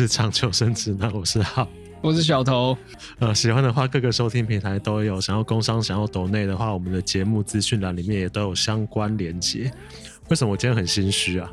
是場求生指南，我是 Hao，我是小頭。呃，喜歡的話，各個收聽平台都有。想要工商，想要抖內的話，我們的節目資訊欄裡面也都有相關鏈接。為什麼我今天很心虛啊？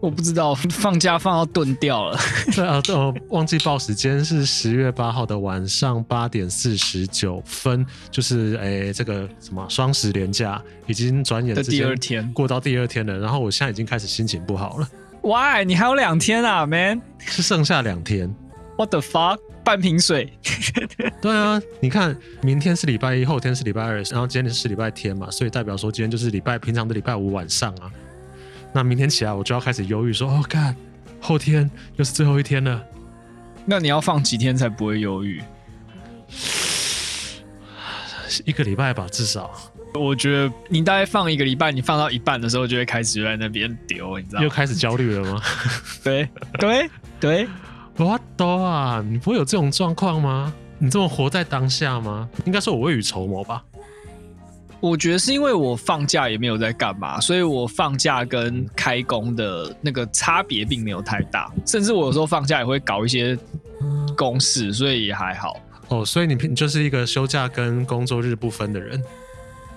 我不知道，放假放到鈍掉了 對、啊。對啊，都、哦、忘記報時間是十月八號的晚上八點四十九分，就是誒，這個什麼雙十連假已經轉眼的第二天過到第二天了。然後我現在已經開始心情不好了。喂，你還有兩天啊，Man，是剩下兩天。What the fuck？半瓶水。 對啊，你看，明天是禮拜一，後天是禮拜二，然後今天是禮拜天嘛，所以代表說今天就是禮拜，平常的禮拜五晚上啊。那明天起來我就要開始憂鬱說，說哦，看後天又是最後一天了。那你要放幾天才不會憂鬱？一個禮拜吧，至少。我覺得你大概放一個禮拜，你放到一半的時候就會開始在那邊丟，你知道嗎？又開始焦慮了嗎？對對 對，我都啊，你不會有這種狀況嗎？你這麼活在當下嗎？應該說我未雨綢繆吧。我覺得是因為我放假也沒有在幹嘛，所以我放假跟開工的那個差別並沒有太大，甚至我有時候放假也會搞一些公事，所以也還好。哦，所以你平，你就是一個休假跟工作日不分的人。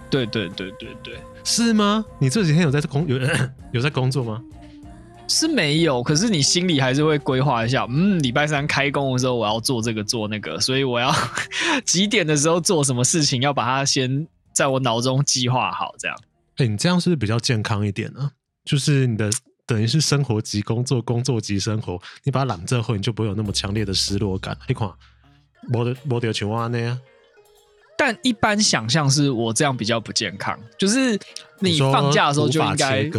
對對對對對，是嗎？你這幾天有在工有有在工作嗎？是沒有，可是你心裡還是會規劃一下，嗯，禮拜三開工的時候我要做這個做那個，所以我要幾點的時候做什麼事情，要把它先在我腦中計劃好，這樣。哎，你這樣是不是比較健康一點呢？就是你的等於是生活即工作，工作即生活，你把它兩者混，你就不會有那麼強烈的失落感。你看，摸得摸得青蛙呢。但一般想象是我這樣比較不健康，就是你放假的時候就應該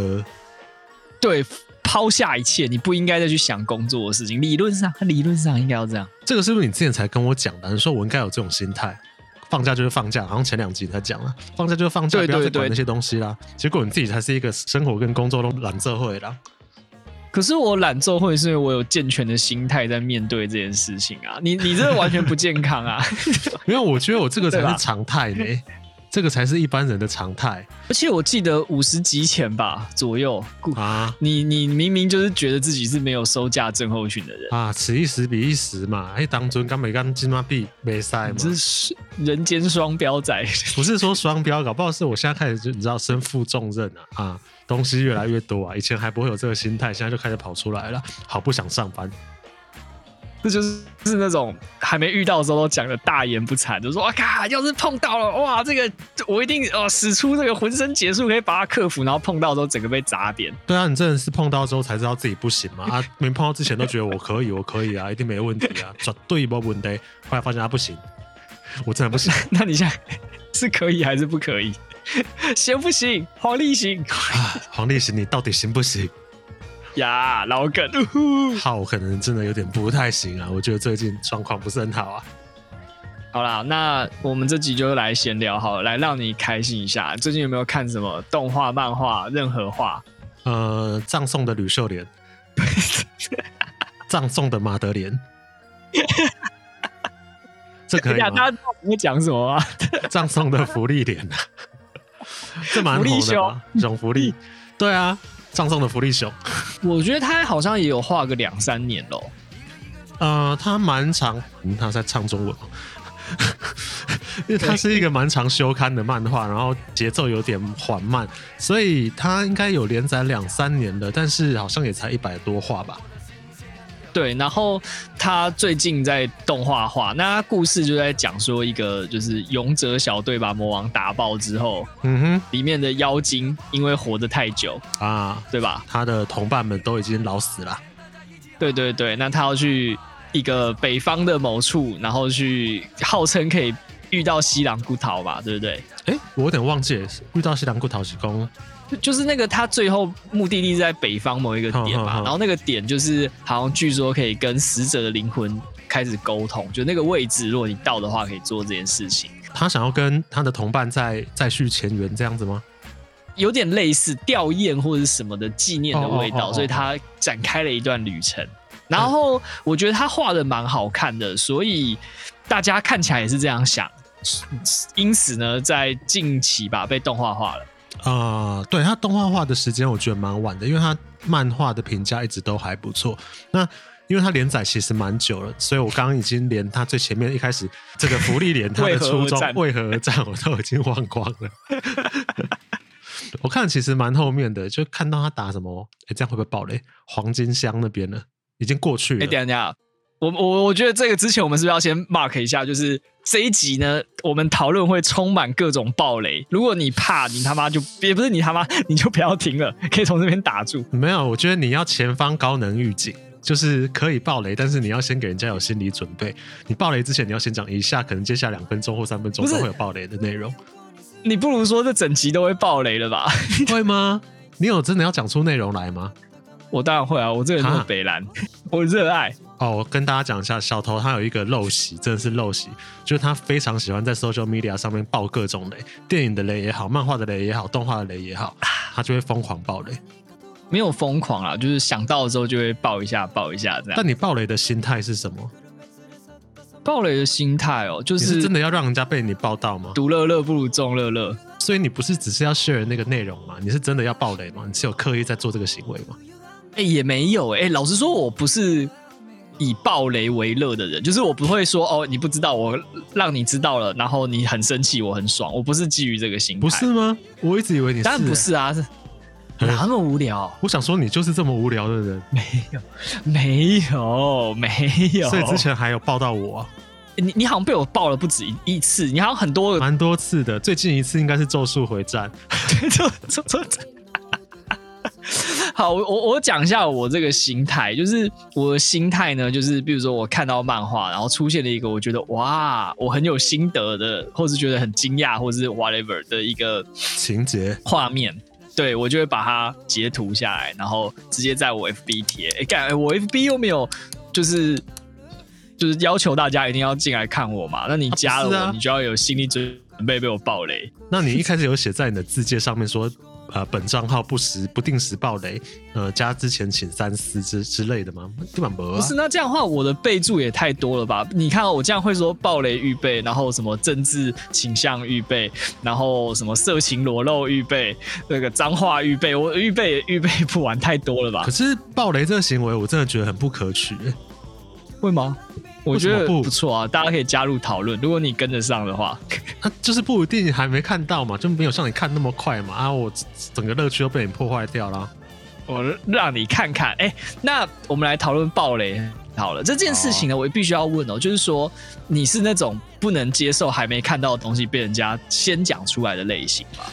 對，拋下一切，你不應該再去想工作的事情。理論上，理論上應該要這樣。這個是不是你之前才跟我講的？你說我應該有這種心態，放假就是放假，然後前兩集才講了，放假就是放假，對對對，不要再管那些東西啦。對對對，結果你自己才是一個生活跟工作都懶社會啦。可是我懶揍，會是因為我有健全的心態在面對這件事情啊你，你你這完全不健康啊！沒有，我覺得我這個才是常態呢。這個才是一般人的常態，而且我記得五十集前吧左右，啊，你你明明就是覺得自己是沒有收假症候群的人啊，此一時彼一時嘛，哎，當中剛沒干金馬幣沒賽嘛，這是人間雙標仔， 不是說雙標搞不好是我現在開始就你知道身負重任啊，啊，東西越來越多啊，以前還不會有這個心態，現在就開始跑出來了，好不想上班。這就是是那種還沒遇到的時候都講的大言不慚，就說哇咔、啊、要是碰到了哇，這個我一定哦、啊、使出這個渾身解數可以把他克服，然後碰到之後整個被砸扁。對啊，你真的是碰到之後才知道自己不行嘛？啊，沒碰到之前都覺得我可以， 我可以啊，一定沒問題啊，絕對沒問題。後來發現他不行，我真的不行。 那，那你現在是可以還是不可以？行不行？黃立行啊，黃立行，你到底行不行？ 呀，老梗、yeah, uh，huh. 好，可能真的有點不太行啊。我覺得最近狀況不是很好啊。好啦，那我們這集就來閒聊，好了，來讓你開心一下。最近有沒有看什麼動畫、漫畫、任何畫？呃，葬送的呂秀蓮， 葬送的馬德蓮， 這可以啊？他不會講什麼啊？葬送的福利蓮啊， 這蠻好的，講福利， 對啊。葬送的福利熊，我覺得他好像也有畫個兩三年嘍。呃，他蠻常、嗯，他在唱中文， 因為他是一個蠻常休刊的漫畫，然後節奏有點緩慢，所以他應該有連載兩三年的，但是好像也才一百多話。吧。對，然後他最近在動畫化，那故事就在講說一個就是勇者小隊把魔王打爆之後，嗯哼，裡面的妖精因為活得太久啊，對吧？他的同伴們都已經老死了，對對對，那他要去一個北方的某處，然後去號稱可以。遇到西蘭古桃吧，對不對？哎、欸，我有點忘記，遇到西蘭古桃是公，就是那個他最後目的地是在北方某一個點吧，oh, oh, oh. 然後那個點就是好像據說可以跟死者的靈魂開始溝通，就那個位置，如果你到的話，可以做這件事情。他想要跟他的同伴再再，再續前緣，這樣子嗎？有點類似弔唁或者什麼的紀念的味道，所以他展開了一段旅程。然後我覺得他畫的蠻好看的，嗯、所以大家看起來也是這樣想。因此呢，在近期吧被動畫化了。呃，對，他動畫化的時間，我覺得蠻晚的，因為他漫畫的評價一直都還不錯。那因為他連載其實蠻久了，所以我剛剛已經連他最前面一開始這個福利連他的初衷為何而戰我都已經忘光了。 我看其實蠻後面的，就看到他打什麼，哎，這樣會不會暴雷？黃金箱那邊呢已經過去了。哎，等一下。我我我覺得這個之前我們是不是要先 mark 一下？就是這一集呢，我們討論會充滿各種爆雷。如果你怕，你他媽就，也不是你他媽，你就不要停了，可以從這邊打住。沒有，我覺得你要前方高能預警，就是可以爆雷，但是你要先給人家有心理準備。你爆雷之前，你要先講一下，可能接下來兩分鐘或三分鐘是都會有爆雷的內容。你不如說這整集都會爆雷了吧？ 會嗎？你有真的要講出內容來嗎？我當然會啊！我這個人是北藍，哈我熱愛。哦，我跟大家講一下，小頭他有一個陋習，真的是陋習，就是他非常喜歡在 social media 上面爆各種雷，電影的雷也好，漫畫的雷也好，動畫的雷也好，他就會瘋狂爆雷。沒有瘋狂啊，就是想到的時候就會爆一下，爆一下這樣。但你爆雷的心態是什麼？爆雷的心態哦、喔，就是、是真的要讓人家被你爆到嗎？獨樂樂不如眾樂樂。所以你不是只是要 share 那個內容嗎？你是真的要爆雷嗎？你是有刻意在做這個行為嗎？哎、欸，也沒有哎、欸欸，老實說我不是。以暴雷為樂的人，就是我不會說哦，你不知道，我讓你知道了，然後你很生氣，我很爽，我不是基於這個心態，不是嗎？我一直以為你是、欸，當然不是啊，欸，是那麼無聊。我想說，你就是這麼無聊的人，沒有，沒有，沒有。所以之前還有報到我，欸、你你好像被我報了不止一,一次，你好像很多，蠻多次的。最近一次應該是《咒術回戰》，咒咒咒。好，我我我講一下我這個心態，就是我的心態呢，就是比如說我看到漫畫，然後出現了一個我覺得哇，我很有心得的，或是覺得很驚訝，或是 whatever 的一個情節畫面，情節。對，我就會把它截圖下來，然後直接在我 FB 貼。哎、欸幹，我 FB 又沒有，就是就是要求大家一定要進來看我嘛？那你加了我，啊啊、你就要有心理準備被我暴雷。那你一開始有寫在你的自介上面說。呃，本賬號不時不定時暴雷，呃，加之前請三思之之類的嗎？啊、不是，那這樣的話，我的備註也太多了吧？你看我這樣會說暴雷預備，然後什麼政治傾向預備，然後什麼色情裸露預備，那、這個髒話預備，我預備也預備不完太多了吧？可是暴雷這個行為，我真的覺得很不可取。為嗎？我覺得不不錯啊，大家可以加入討論。如果你跟得上的話， 就是不一定還沒看到嘛，就沒有像你看那麼快嘛。啊，我整個樂趣都被你破壞掉了。我讓你看看，哎、欸，那我們來討論爆雷好了。嗯、這件事情呢，啊、我必須要問哦、喔，就是說你是那種不能接受還沒看到的東西被人家先講出來的類型嗎？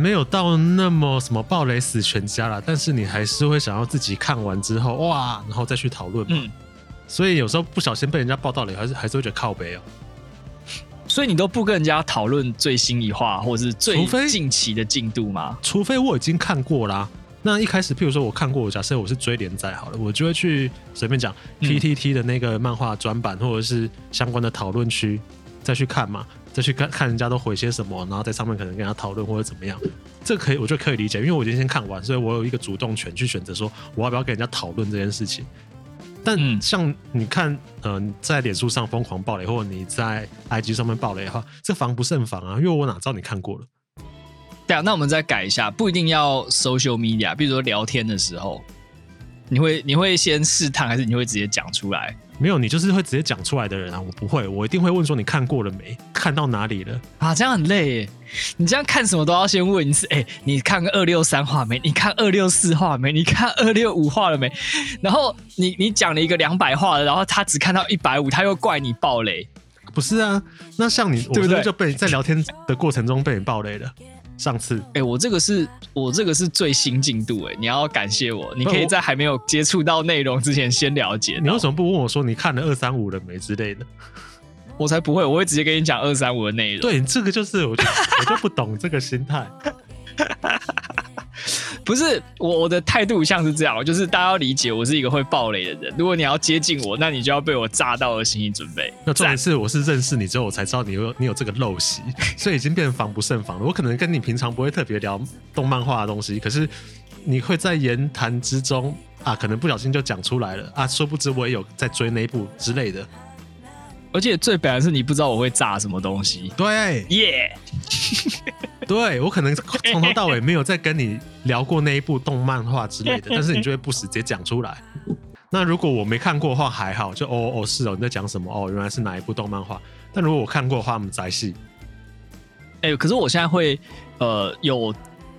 沒有到那麼什麼爆雷死全家啦，但是你還是會想要自己看完之後哇，然後再去討論。嗯。所以有時候不小心被人家爆到了，還是還是會覺得靠北哦、喔。所以你都不跟人家討論最新一話，或是最近期的進度嗎？除非，除非我已經看過啦。那一開始，譬如說，我看過，我假設我是追連載好了，我就會去隨便講 P T T 的那個漫畫專版，嗯、或者是相關的討論區，再去看嘛，再去看看人家都回些什麼，然後在上面可能跟人家討論或者怎麼樣。這個、可以，我就可以理解，因為我已經先看完，所以我有一個主動權去選擇，說我要不要跟人家討論這件事情。但像你看，嗯，呃，在臉書上瘋狂爆雷，或者你在 IG 上面爆雷的話，這防不勝防啊！因為我哪知道你看過了。對啊，那我們再改一下，不一定要 social media，比如說聊天的時候，你會你會先試探，還是你會直接講出來？沒有，你就是會直接講出來的人啊！我不會，我一定會問說你看過了沒，看到哪裡了啊？這樣很累耶！你這樣看什麼都要先問你是哎、欸，你看個二六三話沒？你看二六四話沒？你看二六五話了沒？然後你你講了一個兩百話，然後他只看到一百五，他又怪你暴雷。不是啊，那像你，對不對？就被在聊天的過程中被你暴雷了。上次，哎、欸，我這個是我這個是最新進度，欸，哎，你要感謝我，你可以在還沒有接觸到內容之前先了解。你為什麼不問我說你看了二三五了沒之類的？我才不會，我會直接跟你講二三五的內容。對，這個就是我，我就我就不懂這個心態。 不是我，我的態度像是這樣，就是大家要理解，我是一個會暴雷的人。如果你要接近我，那你就要被我炸到的心理準備。那這一次我是認識你之後，我才知道你有你有這個陋習，所以已經變得防不勝防了。 我可能跟你平常不會特別聊動漫畫的東西，可是你會在言談之中啊，可能不小心就講出來了啊，殊不知我也有在追那部之類的。而且最本來是，你不知道我會炸什麼東西。對，耶 Yeah! 對我可能從頭到尾沒有再跟你聊過那一部動漫畫之類的， 但是你就會不時直接講出來。 那如果我沒看過的話還好，就哦哦是哦你在講什麼？哦原來是哪一部動漫畫？但如果我看過的話，我們再戲。哎、欸，可是我現在會呃有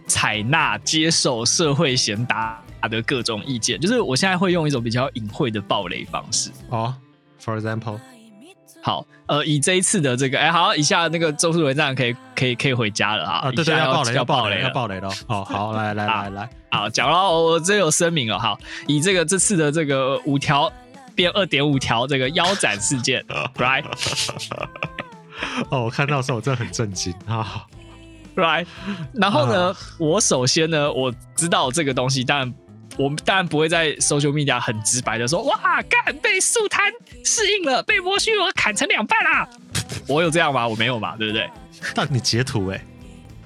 採納接受社會賢達的各種意見，就是我現在會用一種比較隱晦的暴雷方式哦。for example。好，呃，以這一次的這個，哎，好，以下那個咒術迴戰，這樣可以可以可以回家了啊！啊，對對，要暴雷，要暴雷，要暴雷了。好好，來來來來，好講。了，我這有聲明了，好，以這個這次的這個五條變二點五條這個腰斬事件，right？哦，我看到的時候我真的很震驚啊，right？然後呢，我首先呢，我知道這個東西，但。我們當然不會在 social media 很直白的說，哇，幹被樹攤適應了，被剝須我砍成兩半啦、啊！ 我有這樣嗎？我沒有嘛，對不對？但你截圖哎、欸，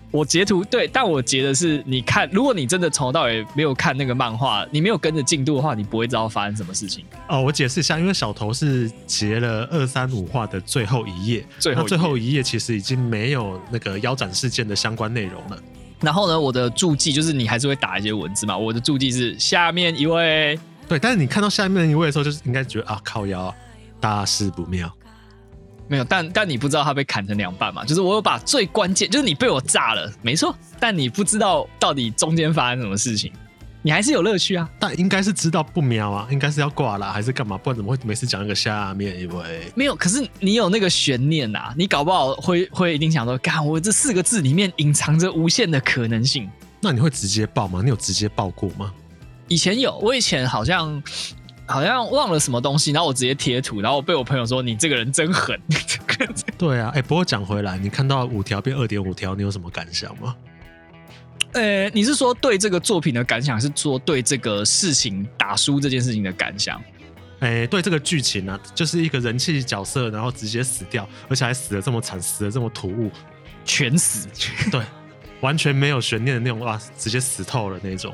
我截圖對，但我截的是你看，如果你真的從頭到尾沒有看那個漫畫，你沒有跟着進度的話，你不會知道發生什麼事情哦。我解釋一下，因為小頭是截了二三五話的最後一頁，最後最後一頁其實已經沒有那個腰斬事件的相關內容了。然後呢，我的註記就是你還是會打一些文字嘛。我的註記是下面一位，對，但是你看到下面一位的時候，就是應該覺得啊，靠腰啊，大事不妙。沒有，但但你不知道他被砍成兩半嘛？就是我有把最關鍵，就是你被我炸了，沒錯，但你不知道到底中間發生什麼事情。你還是有樂趣啊，但應該是知道不妙啊，應該是要掛啦，還是幹嘛？不然怎麼會每次講那個下面，因為沒有，可是你有那個懸念吶、啊，你搞不好會會一定想說，幹，我這四個字裡面隱藏着無限的可能性。那你會直接爆嗎？你有直接爆過嗎？以前有，我以前好像好像忘了什麼東西，然後我直接貼圖，然後我被我朋友說，你這個人真狠。這個真對啊，哎、欸，不過講回來，你看到五條變二點五條，你有什麼感想嗎？呃，你是說對這個作品的感想，還是說對這個事情打輸這件事情的感想？哎，對這個劇情呢、啊，就是一個人氣角色，然後直接死掉，而且還死得這麼慘，死得這麼突兀，全死，對， 完全沒有懸念的那種，哇、啊，直接死透了那種。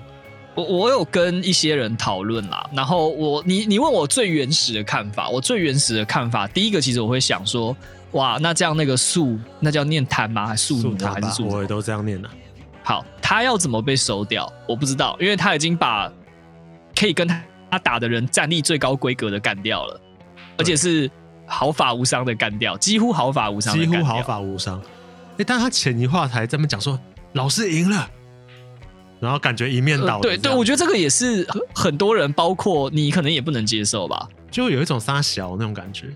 我我有跟一些人討論啦，然後我你你問我最原始的看法，我最原始的看法，第一個其實我會想說，哇，那這樣那個素，那叫念癱嗎？素還是素？素是素我也都這樣念啦。好。他要怎麼被收掉？我不知道，因為他已經把可以跟他他打的人戰力最高規格的幹掉了，對而且是毫髮無傷的幹掉，幾乎毫髮無傷。幾乎毫髮無傷。哎、欸，但他前一話這麼講說，老師贏了，然後感覺一面倒、呃。對對，我覺得這個也是很多人，包括你，可能也不能接受吧？就有一種殺小那種感覺。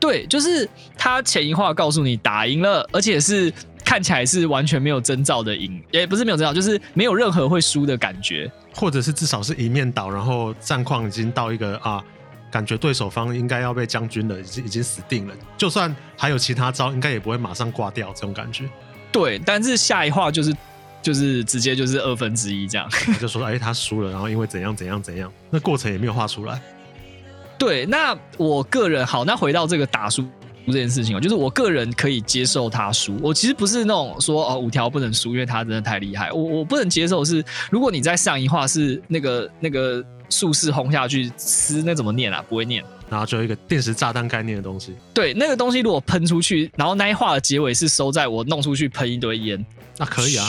對，就是他前一話告訴你打贏了，而且是。看起來是完全沒有徵兆的贏，也不是沒有徵兆，就是沒有任何會輸的感覺，或者是至少是一面倒，然後戰況已經到一個啊，感覺對手方應該要被將軍了，已經已經死定了。就算還有其他招，應該也不會馬上掛掉這種感覺。對，但是下一話就是就是直接就是二分之一這樣， 就說哎、欸，他輸了，然後因為怎樣怎樣怎樣，那過程也沒有畫出來。對，那我個人好，那回到這個打輸。這件事情哦，就是我個人可以接受他輸。我其實不是那種說哦五條不能輸，因為他真的太厲害。我我不能接受是如果你在上一話是那個那個術士轟下去撕，是那怎麼念啊？不會念。然後最後一個定時炸彈概念的東西。對，那個東西如果噴出去，然後那一話的結尾是收在我弄出去噴一堆煙，那、啊、可以啊。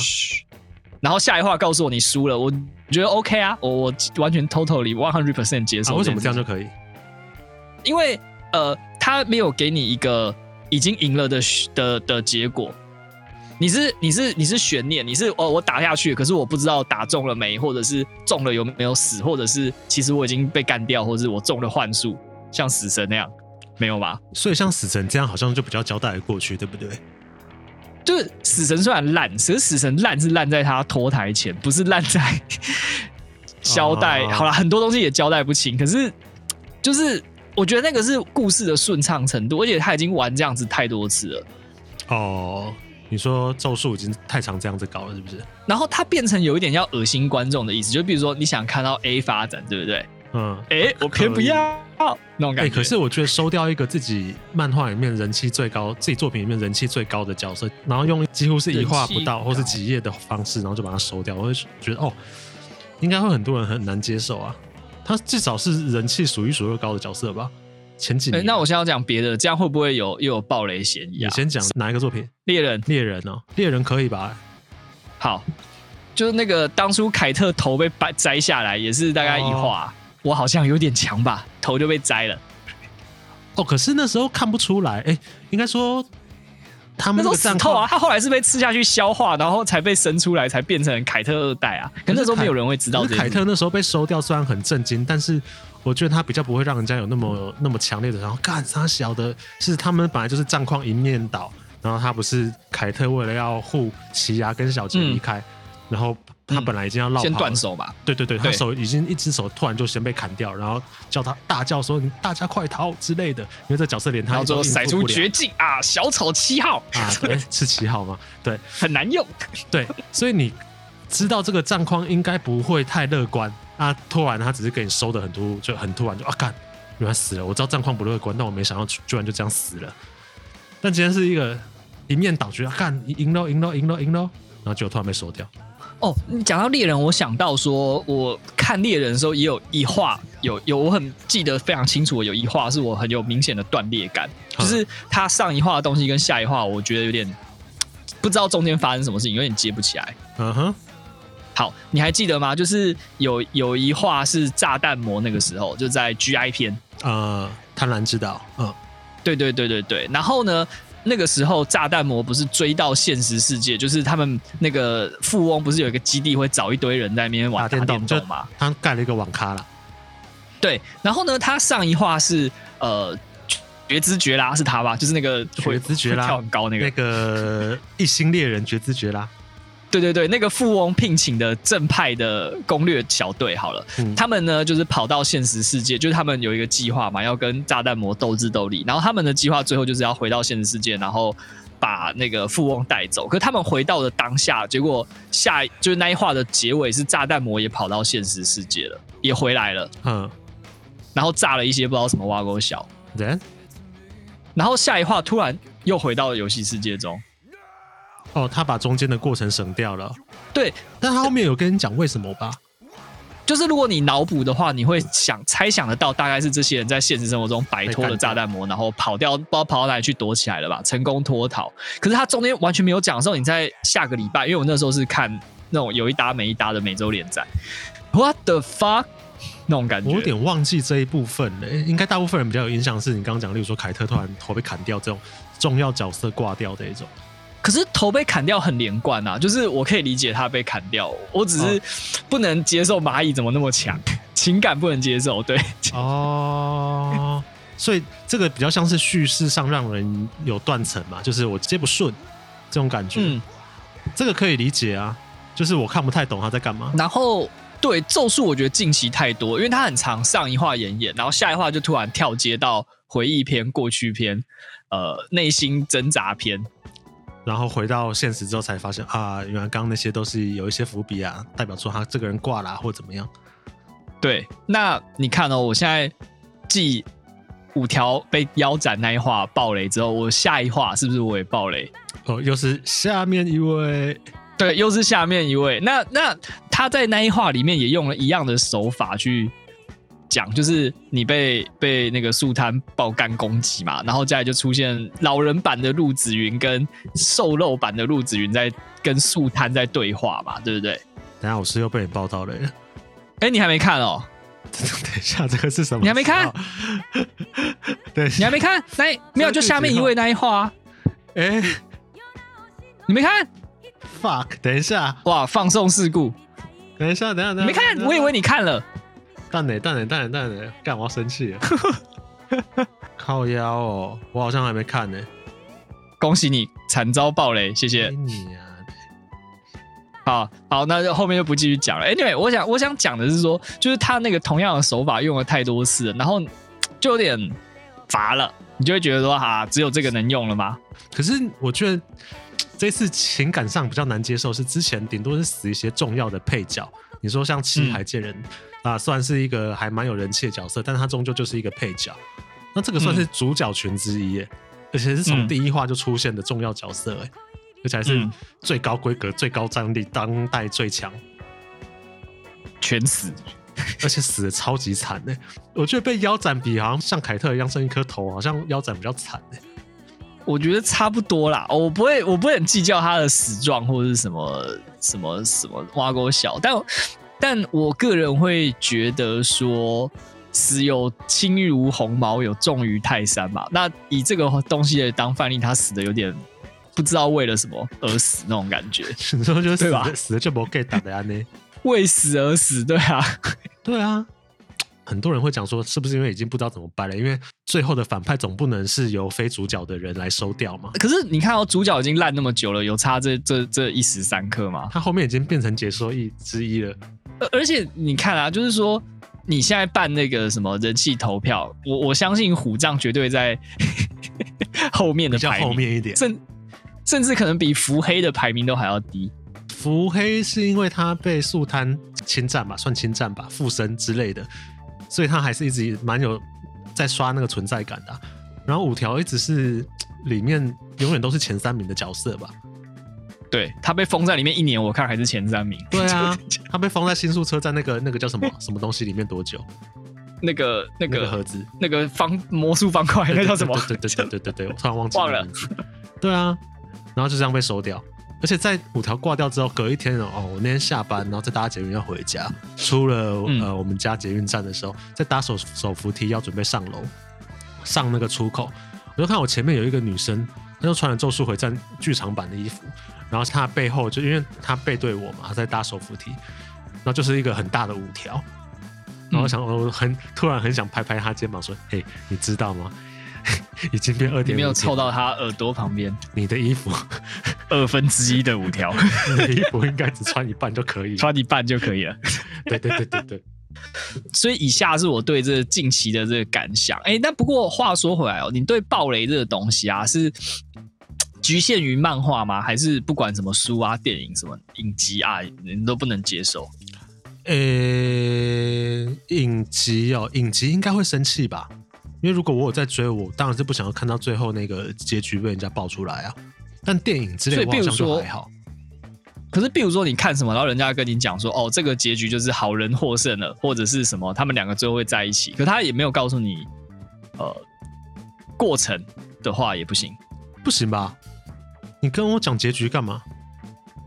然後下一話告訴我你輸了，我覺得 OK 啊，我我完全 totally one hundred percent 接受。啊，為什麼這樣就可以？因為呃。他沒有給你一個已經贏了的的的結果，你是你是你是懸念，你是哦，我打下去，可是我不知道打中了沒，或者是中了有沒有死，或者是其實我已經被幹掉，或者是我中了幻術，像死神那樣，沒有吧？所以像死神這樣好像就比較交代得過去，對不對？就是死神雖然爛，其實死神爛是爛在他脫台前，不是爛在 交代。Uh、好了，很多東西也交代不清，可是就是。我覺得那個是故事的順暢程度，而且他已經玩這樣子太多次了。哦，你說咒術已經太常這樣子搞了，是不是？然後他變成有一點要噁心觀眾的意思，就比如說你想看到 A 發展，對不對？嗯，哎、欸，可我偏不要、欸、那種感覺、欸。可是我覺得收掉一個自己漫畫裡面人氣最高、自己作品裡面人氣最高的角色，然後用幾乎是一話不到或是幾頁的方式，然後就把它收掉，我會覺得哦，應該會很多人很難接受啊。他至少是人氣數一數二高的角色吧？前幾年、欸，那我先要講別的，這樣會不會有又有暴雷嫌疑？你先講哪一個作品？獵人，獵人哦、喔，獵人可以吧、欸？好，就是那個當初凱特頭被摘摘下來，也是大概一話、啊、我好像有點強吧，頭就被摘了。哦，可是那時候看不出來，哎、欸，應該說。他們那時候死透啊，他後來是被吃下去消化，然後才被生出來，才變成凱特二代啊。可是那時候沒有人會知道這。凱特那時候被收掉，雖然很震驚，但是我覺得他比較不會讓人家有那麼、嗯、那麼強烈的。然後干啥小的？是他們本來就是戰況一面倒，然後他不是凱特為了要護奇犽跟小傑離開，嗯、然後。嗯、他本來已經要落，先斷手吧。對對對，他手已經一隻手突然就先被砍掉，對 然後叫他大叫說：“大家快逃之類的。”因為這角色連他都甩出絕技啊！小丑七號啊， 是七號嗎？對，很難用。對，所以你知道這個戰況應該不會太樂觀 啊。突然他只是給你收的很突，就很突然就啊，幹，原來死了。我知道戰況不樂觀，但我沒想到居然就這樣死了。但今天是一個一面倒局啊，幹，贏嘍，贏嘍，贏嘍，贏嘍，然後結果突然被收掉。哦，你講到獵人，我想到說，我看獵人的時候也有一話，有有我很記得非常清楚，有一話是我很有明顯的斷裂感，嗯、就是它上一話的東西跟下一話，我覺得有點不知道中間發生什麼事情，有點接不起來。嗯哼，好，你還記得嗎？就是有有一話是炸彈魔那個時候，就在 G I 篇啊，貪、嗯、婪之島。嗯，對對對對對。然後呢？那個時候，炸彈魔不是追到現實世界，就是他們那個富翁不是有一個基地，會找一堆人在那邊玩電打電動嘛？他蓋了一個網咖啦。對，然後呢？他上一話是呃，覺知覺啦，是他吧？就是那個會覺知覺啦，跳很高那個那個一星獵人覺知覺啦。對對對，那個富翁聘請的正派的攻略小隊好了，嗯、他們呢就是跑到現實世界，就是他們有一個計劃嘛，要跟炸彈魔鬥智鬥力，然後他們的計劃最後就是要回到現實世界，然後把那個富翁帶走。可是他們回到了當下，結果下一，就是那一話的結尾是炸彈魔也跑到現實世界了，也回來了，嗯，然後炸了一些不知道什麼挖溝小，Then? 然後下一話突然又回到了遊戲世界中。哦，他把中間的過程省掉了。對，但他後面有跟你講為什麼吧、呃？就是如果你腦補的話，你會想猜想得到，大概是這些人在現實生活中擺脫了炸彈魔，然後跑掉，不知道跑到哪裡去躲起來了吧？成功脫逃。可是他中間完全沒有講的時候，你在下個禮拜，因為我那時候是看那種有一搭沒一搭的每周連載，What the fuck？那種感覺，我有點忘記這一部分呢、欸，應該大部分人比較有印象的是你剛剛講，例如說凱特突然頭被砍掉這種重要角色掛掉的一種。可是頭被砍掉很連貫啊，就是我可以理解他被砍掉，我只是不能接受螞蟻怎麼那麼強，哦、 情感不能接受，對哦， 所以這個比較像是敘事上讓人有斷層嘛，就是我接不順這種感覺，嗯、這個可以理解啊，就是我看不太懂他在幹嘛。然後對咒術，我覺得近期太多，因為它很長，上一話演演，然後下一話就突然跳接到回憶篇、過去篇、呃內心掙扎篇。然後回到現實之後，才發現啊，原來剛剛那些都是有一些伏筆啊，代表說他這個人掛了啊，或怎麼樣？對，那你看哦，我現在繼五條被腰斬那一話爆雷之後，我下一話是不是我也爆雷？哦，又是下面一位，對，又是下面一位。那那他在那一話裡面也用了一樣的手法去。講就是你被被那個宿儺爆幹攻擊嘛，然後接下來就出現老人版的鹿紫雲跟瘦肉版的鹿紫雲在跟宿儺在對話嘛，對不對？等一下我是又被你爆到了。哎、欸，你還沒看哦？ 等一下，這個是什麼？你還沒看？ 等下你還沒看？那沒有，就下面一位那一話、啊。哎、欸，你沒看？Fuck！等一下，哇，放送事故等！等一下，等下，等下，沒看？我以為你看了。蛋嘞蛋嘞蛋嘞蛋嘞，幹嘛、欸欸欸欸、生氣？ 靠腰哦、喔，我好像還沒看呢、欸。恭喜你慘遭暴雷，謝謝。你啊好，好，那就後面就不繼續講了。Anyway，我想我想講的是說，就是他那個同樣的手法用了太多次，然後就有點乏了，你就會覺得說哈，只有這個能用了嗎？可是我覺得這次情感上比較難接受，是之前頂多是死一些重要的配角，你說像七海建人。嗯啊，算是一個還蠻有人氣的角色，但他終究就是一個配角。那這個算是主角群之一耶，嗯、而且是從第一話就出現的重要角色耶，嗯、而且還是最高規格、最高戰力、當代最強，全死， 而且死的超級慘哎！我覺得被腰斬比好像像凱特一樣剩一顆頭，好像腰斬比較慘耶。我覺得差不多啦，我不會我不會很計較他的死狀或者什麼什麼什麼挖溝小，但。但我個人會覺得說，死有輕如鴻毛，有重於泰山嘛。那以這個東西當範例，他死得有點不知道為了什麼而死那種感覺。 你說就是吧？死了就不可打的呀。呢？為死而死，對啊， 對啊。很多人會講說，是不是因為已經不知道怎麼辦了？因為最後的反派總不能是由非主角的人來收掉嘛。可是你看到、哦、主角已經爛那麼久了，有差這這這一時三刻嗎？他後面已經變成解說一之一了。而且你看啊，就是說你現在辦那個什麼人氣投票，我我相信虎杖絕對在 後面的排名比較後面一點，甚甚至可能比伏黑的排名都還要低。伏黑是因為他被宿儺侵佔吧，算侵佔吧，附身之類的，所以他還是一直蠻有在刷那個存在感的、啊。然後五條一直是裡面永遠都是前三名的角色吧。對，他被封在裡面一年，我看還是前三名。對啊，他被封在新宿車站那個那個叫什麼什麼東西裡面多久？ 那個、那個、那個盒子，那個方魔術方塊，那叫什麼？對對對對對，對，對我突然忘記，忘了。對啊，然後就這樣被收掉。而且在五條掛掉之後，隔一天哦，我那天下班，然後再搭捷運要回家，出了呃我們家捷運站的時候，在搭手手扶梯要準備上樓，上那個出口，我就看我前面有一個女生，她就穿了《咒術回戰》劇場版的衣服。然後他背後就，因為他背對我嘛，他在搭手扶梯，然後就是一個很大的五條，然後我想、嗯、我很突然很想拍拍他肩膀說：“嘿，你知道嗎？ 已經變二點五。”沒有湊到他耳朵旁邊。你的衣服二分之一的五條， 你的衣服應該只穿一半就可以，穿一半就可以了。 對，對對對對對。所以以下是我對這個近期的這個感想。哎，那不過話說回來哦，你對暴雷這個東西啊是局限於漫畫嗎？還是不管什麼書啊、電影什麼影集啊，你都不能接受？呃、欸，影集哦、喔，影集應該會生氣吧？因為如果我有在追我，我當然是不想要看到最後那個結局被人家爆出來啊。但電影之類，的話好像就還好。可是，比如說你看什麼，然後人家跟你講說：“哦，這個結局就是好人獲勝了，或者是什麼，他們兩個最後會在一起。”可是他也沒有告訴你，呃，過程的話也不行，不行吧？你跟我講結局幹嘛？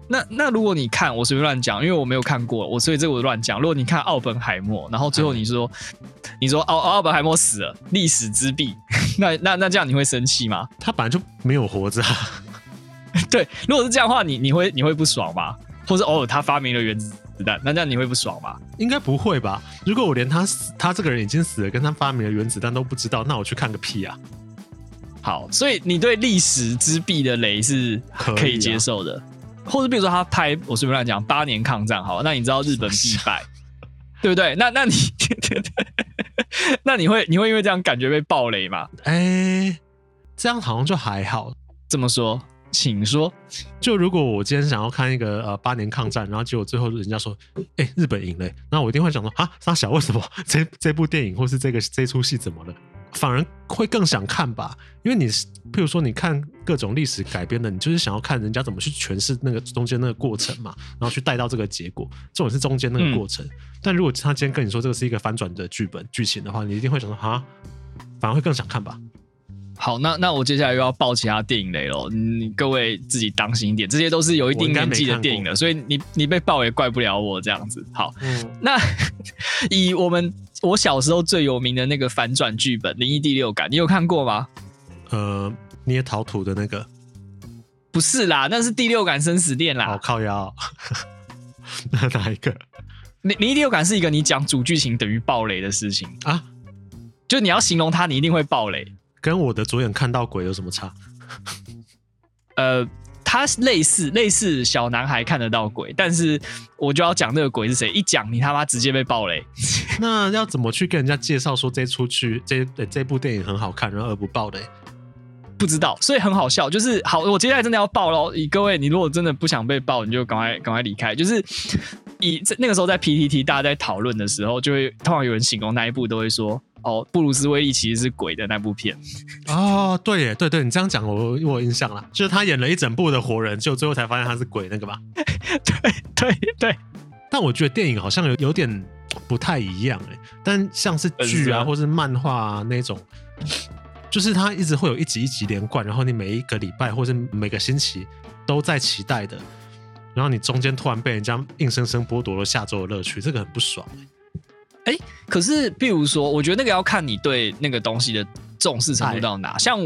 那那如果你看，我隨便亂講，因為我沒有看過我，所以這個我亂講。如果你看奧本海默，然後最後你說、嗯、你說奧奧、哦、本海默死了，歷史之壁。那那那這樣你會生氣嗎？他本來就沒有活着。 對，如果是這樣的話，你你會你會不爽嗎？或者偶爾他發明了原子彈，那這樣你會不爽嗎？應該不會吧？如果我連他死，他這個人已經死了，跟他發明了原子彈都不知道，那我去看個屁啊！好，所以你對歷史之弊的雷是可以接受的，啊、或者比如說他拍，我隨便亂講，八年抗戰，好，那你知道日本必敗， 對不對？那那你， 那你會你會因為這樣感覺被暴雷嗎？哎、欸，這樣好像就還好。怎麼說，請說。就如果我今天想要看一個呃八年抗戰，然後結果最後人家說，哎、欸，日本贏了，那我一定會想說啊，三小為什麼這這部電影或是這個這出戲怎麼了？反而會更想看吧，因為你，譬如說，你看各種歷史改編的，你就是想要看人家怎麼去詮釋那個中間那個過程嘛，然後去帶到這個結果，這種是中間那個過程。嗯、但如果他今天跟你說這個是一個反轉的劇本劇情的話，你一定會想說蛤，反而會更想看吧。好，那那我接下來又要爆其他電影雷咯，你各位自己當心一點，這些都是有一定年紀的電影的，所以你你被爆也怪不了我這樣子。好，嗯、那以我們。我小時候最有名的那個反轉劇本《靈異第六感》，你有看過嗎？呃，捏陶土的那個？不是啦，那是《第六感生死戀》啦。好，哦，靠腰！ 那哪一個？靈靈異第六感是一個你講主劇情等於暴雷的事情啊！就你要形容它，你一定會暴雷。跟我的左眼看到鬼有什麼差？ 呃。他類似類似小男孩看得到鬼，但是我就要講那個鬼是誰，一講你他媽直接被爆雷。 那要怎麼去跟人家介紹說這齣劇，這、欸、這部電影很好看，然後而不爆雷？不知道，所以很好笑。就是好，我接下來真的要爆咯，以各位，你如果真的不想被爆，你就趕快趕快離開。就是以那個時候在 PTT 大家在討論的時候，就會通常有人醒過那一部，都會說。哦，布魯斯威利其實是鬼的那部片。哦，對耶，對對，你這樣講我我有印象了，就是他演了一整部的活人，就最後才發現他是鬼那個吧？對對 對。對對，但我覺得電影好像有有點不太一樣哎，但像是劇啊是是或是漫畫、啊、那種，就是它一直會有一集一集連貫，然後你每一個禮拜或是每個星期都在期待的，然後你中間突然被人家硬生生剝奪了下週的樂趣，這個很不爽誒，可是，比如說，我覺得那個要看你對那個東西的重視程度到哪？唉像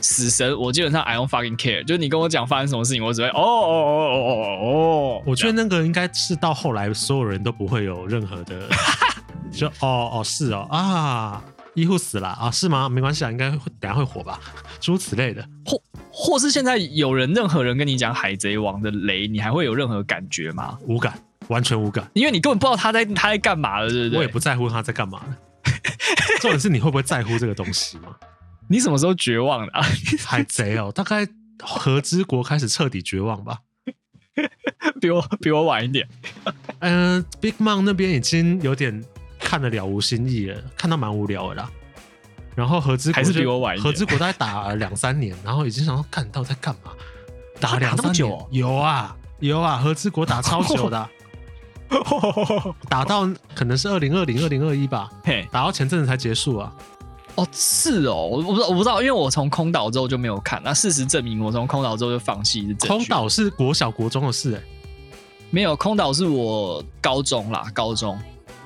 死神，我基本上 I don't fucking care，就是你跟我講發生什麼事情，我只會哦哦哦哦哦。哦哦哦哦。對我覺得那個應該是到後來所有人都不會有任何的，哈哈， 就哦哦是哦啊一護死了啊是嗎？沒關係啊，應該會等下會火吧，諸如此類的。或或是現在有人任何人跟你講海賊王的雷，你還會有任何感覺嗎？無感。完全無感，因為你根本不知道他在他在幹嘛了，對不對？我也不在乎他在幹嘛了。 重點是你會不會在乎這個東西嘛？你什麼時候絕望的、啊？海賊哦，大概和之國開始徹底絕望吧。 比我比我晚一點。嗯、uh,，Big Mom 那邊已經有點看得了無新意了，看到蠻無聊的啦。然後和之國還是比我晚一點。和之國在打兩三年，然後已經想要看到在幹嘛。打兩三年打那麼久、哦、有啊有啊，和之國打超久的。 打到可能是二零二零二零二一吧，嘿，Hey. 打到前陣子才結束啊。哦，oh, 是哦，我不我不知道，因為我從空島之後就沒有看。那事實證明，我從空島之後就放棄是正確。空島是國小國中的事哎、欸，沒有，空島是我高中啦，高中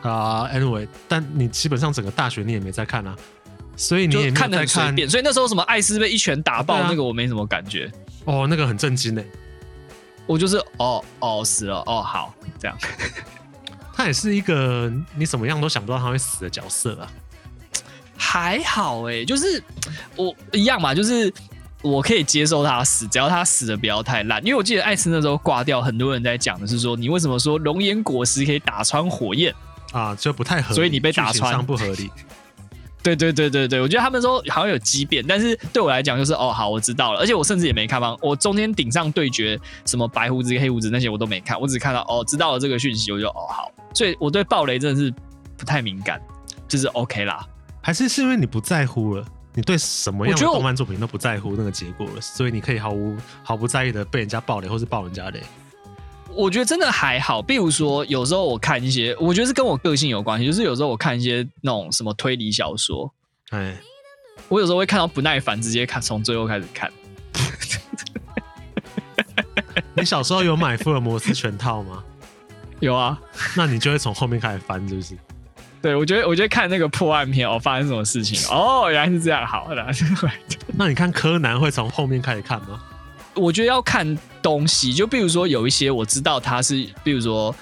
啊。Uh, anyway，但你基本上整個大學你也沒再看啊，所以你就 也沒有在看。看得很隨便。所以那時候什麼艾斯被一拳打爆、啊、那個，我沒什麼感覺。哦，oh, 那個很震驚哎、欸。我就是哦，哦，死了哦，好這樣。 他也是一個你怎麼樣都想不到他會死的角色啊，還好哎、欸，就是我一樣嘛，就是我可以接受他死，只要他死的不要太爛。因為我記得艾斯那時候掛掉，很多人在講的是說，你為什麼說熔岩果實可以打穿火焰啊？這不太合理，所以你被打穿不合理。對對對對對，我覺得他們說好像有激變，但是對我來講就是哦，好，我知道了，而且我甚至也沒看到我中間頂上對決什麼白鬍子黑鬍子那些我都沒看，我只看到哦，知道了這個訊息，我就哦，好，所以我對暴雷真的是不太敏感，就是 OK 啦，還是是因為你不在乎了，你對什麼樣的動漫作品都不在乎那個結果了，所以你可以毫無毫不在意的被人家暴雷或是爆人家雷。我覺得真的還好。比如說，有時候我看一些，我覺得是跟我個性有關係。就是有時候我看一些那種什麼推理小說，哎嘿，我有時候會看到不耐煩，直接看從最後開始看。你小時候有買《福爾摩斯》全套嗎？有啊，那你就會從後面開始翻，是不是？對，我覺得，我覺得看那個破案片，哦，發生什麼事情？ 哦，原來是這樣，好的。 那你看《柯南》會從後面開始看嗎？我覺得要看東西，就比如說有一些我知道他是，比如說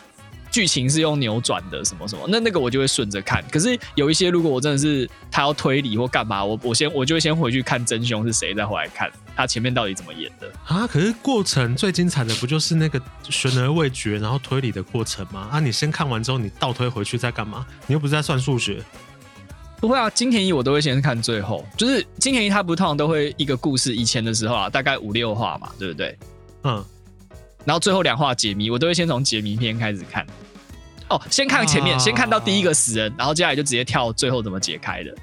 劇情是用扭轉的什麼什麼，那那個我就會順着看。可是有一些如果我真的是他要推理或幹嘛，我我先我就先回去看真兇是誰，再回來看他前面到底怎麼演的啊。可是過程最精彩的不就是那個懸而未決，然後推理的過程嗎？啊，你先看完之後，你倒推回去再幹嘛？你又不是在算數學。不會啊，金田一我都會先看最後，就是金田一他不通常都會一個故事以前的時候啊，大概五六話嘛，對不對？嗯。然後最後兩話解謎，我都會先從解謎篇開始看。哦，先看前面，啊、先看到第一個死人，然後接下來就直接跳最後怎麼解開的。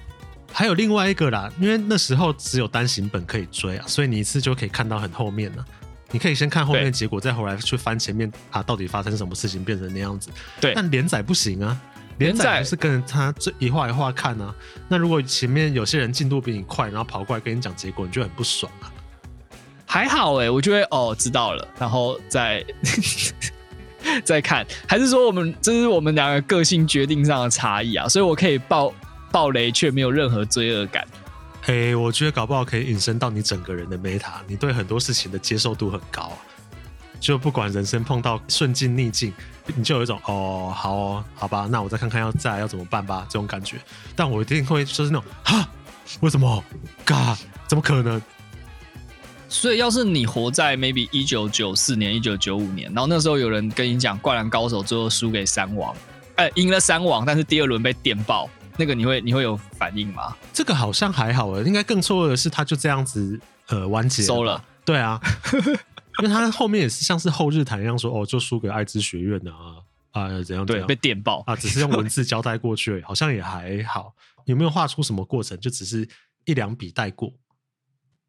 還有另外一個啦，因為那時候只有單行本可以追啊，所以你一次就可以看到很後面了、啊。你可以先看後面結果，對再回來去翻前面，啊，到底發生什麼事情變成那樣子？對。但連載不行啊。連載是跟着他這一話一話看啊。那如果前面有些人進度比你快，然後跑過來跟你講結果，你就很不爽啊。還好哎、欸，我就會哦知道了，然後再 再看。還是說我們這、就是我們兩個個性決定上的差異啊？所以我可以爆爆雷，卻沒有任何罪惡感。嘿、欸，我覺得搞不好可以引申到你整個人的 meta，你對很多事情的接受度很高。就不管人生碰到順境逆境，你就有一種哦，好哦，好吧，那我再看看要再要怎麼辦吧，這種感覺。但我一定會就是那種哈，為什麼？God，怎麼可能？所以，要是你活在 maybe 一九九四年、一九九五年，然後那時候有人跟你講《灌籃高手》最後輸給山王，哎、欸，贏了山王，但是第二輪被電爆，那個你會你會有反應嗎？這個好像還好啊，應該更錯愕的是，他就這樣子呃完結了收了。對啊。 因為他後面也是像是後日談一樣說哦，就輸給愛知學院啊，啊怎樣怎樣，對，被電爆啊，只是用文字交代過去而已 好像也還好，有沒有畫出什麼過程？就只是一兩筆帶過，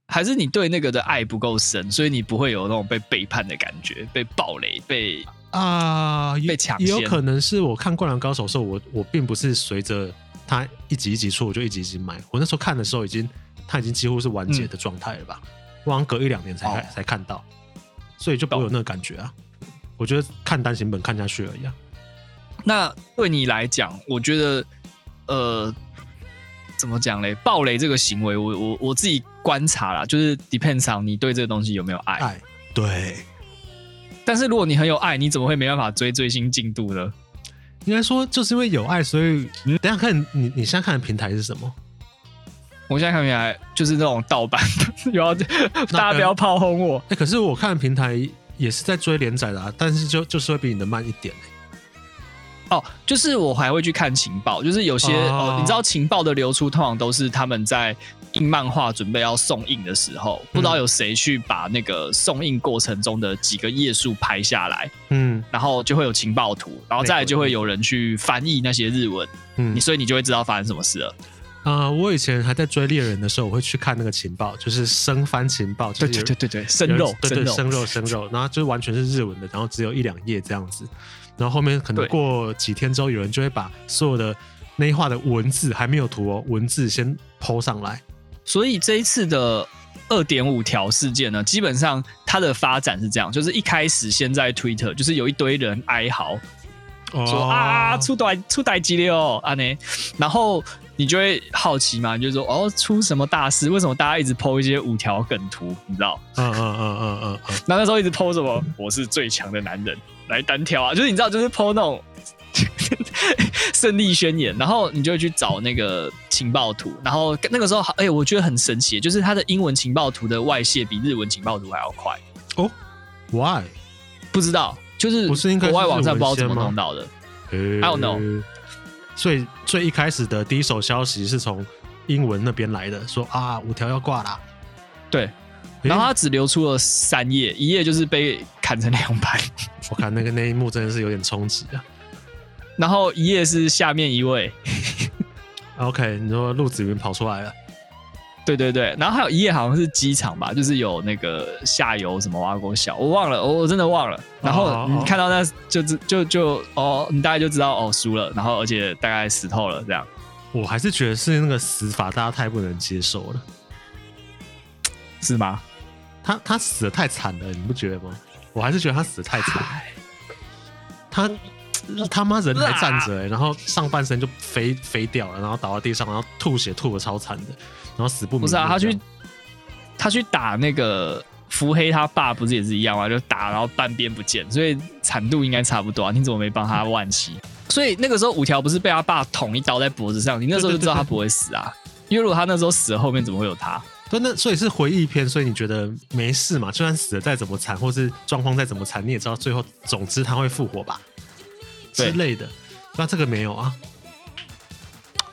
還是你對那個的愛不夠深，所以你不會有那種被背叛的感覺，被暴雷，被啊，被搶？也有可能是我看《灌籃高手》的時候，我我並不是隨着他一集一集出我就一集一集買，我那時候看的時候已經他已經幾乎是完結的狀態了吧？嗯、我好像隔一兩年才看，哦，才才看到。所以就不會有那個感覺啊，到我覺得看單行本看下去而已啊。那對你來講，我覺得呃，怎麼講嘞？爆雷這個行為我，我我我自己觀察啦，就是 depends on 你對這個東西有沒有愛。愛，對。但是如果你很有愛，你怎麼會沒辦法追最新進度呢？應該說，就是因為有愛，所以你等一下看，你你現在看的平台是什麼？我現在看起來就是那種盜版，然後大家不要炮轟我，呃欸。可是我看平台也是在追連載的，啊，但是就就是會比你的慢一點哦，就是我還會去看情報，就是有些哦，哦，你知道情報的流出，通常都是他們在印漫畫準備要送印的時候，嗯，不知道有誰去把那個送印過程中的幾個頁數拍下來，嗯，然後就會有情報圖，然後再來就會有人去翻譯那些日文，嗯，你所以你就會知道發生什麼事了。啊、呃，我以前還在追獵人的時候，我會去看那個情報，就是生番情報，對、就是、對對對對，生肉，對對生肉生肉，然後就完全是日文的，然後只有一兩頁這樣子，然後後面可能過幾天之後，對有人就會把所有的那一話的文字還沒有圖哦，文字先 po 上來。所以這一次的二點五條事件呢，基本上它的發展是這樣，就是一開始先在 Twitter，就是有一堆人哀嚎，哦、說啊出大出大事了啊內，然後。你就會好奇嘛，你就說哦，出什麼大事？為什麼大家一直 po 一些五條梗圖？你知道？嗯嗯嗯嗯嗯。那那時候一直 po 什麼？ 我是最強的男人來單挑啊！就是你知道，就是 po 那種 勝利宣言，然後你就會去找那個情報圖。然後那個時候，哎、欸，我覺得很神奇，就是它的英文情報圖的外泄比日文情報圖還要快哦。Oh? Why？不知道，就是不是國外網站不知道怎麼弄到的。欸、I don't know. 最最一開始的第一手消息是從英文那邊來的，說啊五條要掛啦，對，欸、然後他只流出了三頁，一頁就是被砍成兩半。我看那個那一幕真的是有點衝擊啊，然後一頁是下面一位，OK，你說陸子雲跑出來了。對對對，然後還有一頁好像是機場吧，就是有那個夏油什麼挖工小，我忘了，我、哦、我真的忘了。然後你看到那就，就是就就哦，你大概就知道哦輸了，然後而且大概死透了這樣。我還是覺得是那個死法，大家太不能接受了，是嗎？他他死的太慘了，你不覺得嗎？我還是覺得他死的太慘，唉他他媽人還站着、欸，然後上半身就飛飛掉了，然後倒在地上，然後吐血吐的超慘的。然後死不明不是啊。種他去他去打那個伏黑，他爸不是也是一樣啊，就打，然後半邊不見，所以慘度應該差不多啊。你怎麼沒幫他挽起？嗯、所以那個時候五條不是被他爸捅一刀在脖子上，你那時候就知道他不會死啊。對對對對，因為如果他那時候死了，後面怎麼會有他？對，對，對，對，那所以是回憶篇，所以你覺得沒事嘛？就算死了再怎麼慘，或是狀況再怎麼慘，你也知道最後總之他會復活吧對之類的。那這個沒有啊？